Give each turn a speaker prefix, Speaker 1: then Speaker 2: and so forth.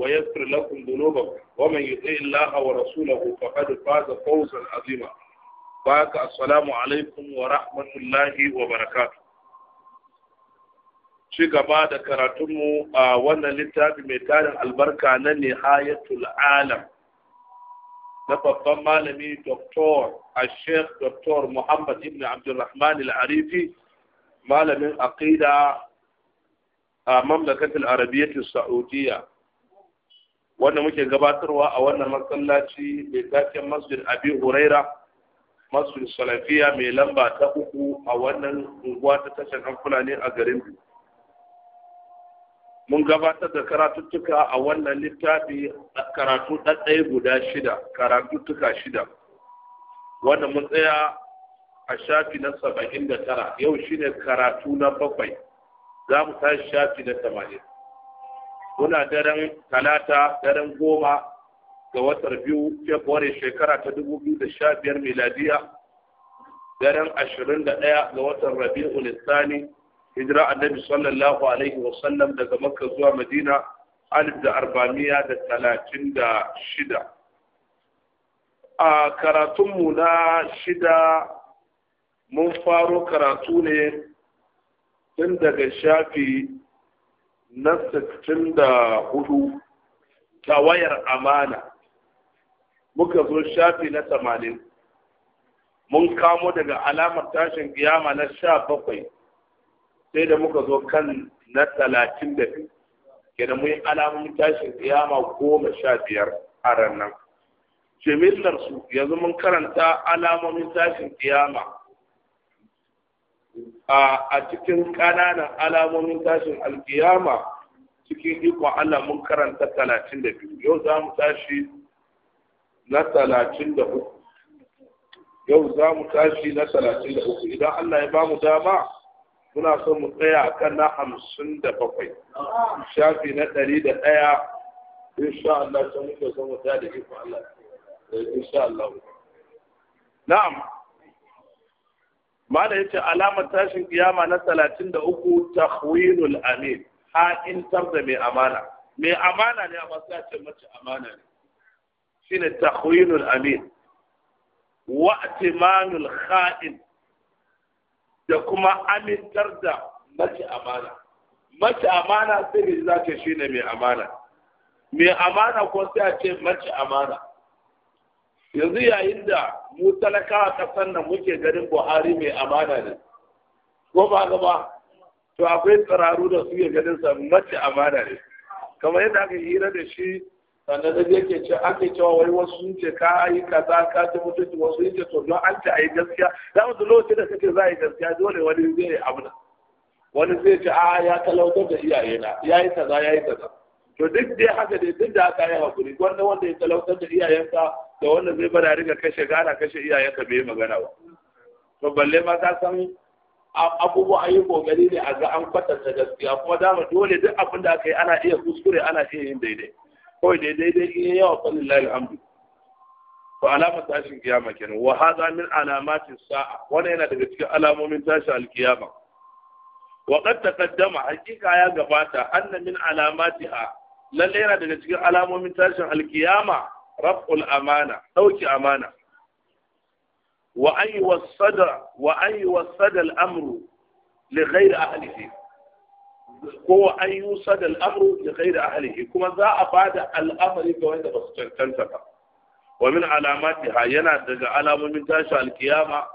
Speaker 1: ويغفر لكم ذنوبكم ومن يطع الله ورسوله فقد فاز فوزا عظيما باك السلام عليكم ورحمة الله وبركاته ci gaba da karatunmu a wannan littafi mai tarin albarka na nihayatul alam na babban malami doktor a sheikh doktor muhammad ibn abdulrahman al-arifi malamin aqida a mamlakatul arabiyyatul saudiyya wanda muke gabatarwa a wannan masallaci mai taken masjid abi huraira masjid salafiya mai lamba ta uku a wannan unguwa ta tashar hankula ne a garin biyu mun gabatar da karatuttuka a wannan littafi karatu ɗaɗɗaya guda shida karatuttuka shida wanda mun tsaya a shafi na saba'in da tara yau shine karatu na bakwai za mu tashi shafi na tamanin muna daren talata daren goma ga watar biyu februari shekara ta dubu biyu da sha biyar miladiya daren ashirin da ɗaya ga watan rabi'ul lissani hijira annabi sallallahu alaihi wasallam daga makka zuwa madina alif da arba'amiya da talatin da shida a karatunmu na shida mun faro karatu ne tun daga shafi na sittin da hudu wayar amana muka zo shafi na tamanin mun kamo daga alamar tashin kiyama na sha bakwai sai da muka zo kan na talatin da biyu kenan mun yi alamun tashin kiyama goma sha biyar a ranar jimillar su yanzu mun karanta alamomin tashin kiyama a cikin ƙananan alamomin tashin alkiyama cikin iko Allah mun karanta talatin da biyu yau za mu tashi na talatin da uku yau za mu tashi na talatin da uku idan Allah ya ba mu dama muna son mu tsaya a kan na hamsin da bakwai shafi na ɗari da ɗaya insha Allah sun muke son mu da iko Allah eh, insha Allah na'am mala yace alamar tashin kiyama na 33 takhwinul amin ha in tarda mai amana mai amana ne amma sai ce mace amana ne shine takhwinul amin wa atmanul kha'in da kuma amin tarda mace amana mace amana sai da zace shine mai amana mai amana ko sai ce mace amana yanzu yayin da mu talakawa kasar nan muke ganin buhari mai amana ne ko ba ba to akwai tsararu da suke ganin sa mace amana ne kamar yadda aka hira da shi sannan da yake ce ake cewa wai wasu sun ce ka yi kaza ka ci mutunci wasu sun ce to don an ce a yi gaskiya za mu lokacin da kake za a yi gaskiya dole wani zai yi abu wani zai ce a ya talautar da iyayena ya yi kaza ya yi kaza to duk dai haka dai duk da aka yi hakuri wanda wanda ya talautar da iyayensa. da wanda zai bada riga kashe gara kashe iyayen ka bai magana ba to balle ma ka san abubuwa ayi kokari ne a ga an kwatanta gaskiya kuma dama dole duk abin da aka yi ana iya kuskure ana iya yin daidai kawai daidai dai in yawa fallin lahi alhamdu to alamar tashin kiyama kenan wa haza min alamatis sa'a wannan yana daga cikin alamomin tashin alkiyama wa qad taqaddama hakika ya gabata anna min alamatiha lalle yana daga cikin alamomin tashin alkiyama رفع الامانه دوكي امانه واي وصد واي وصد الامر لغير اهله هو اي وصد الامر لغير اهله كما ذا افاد الامر كوين بس تنتفى ومن علاماتها ينا دغ علامه من تاشا القيامه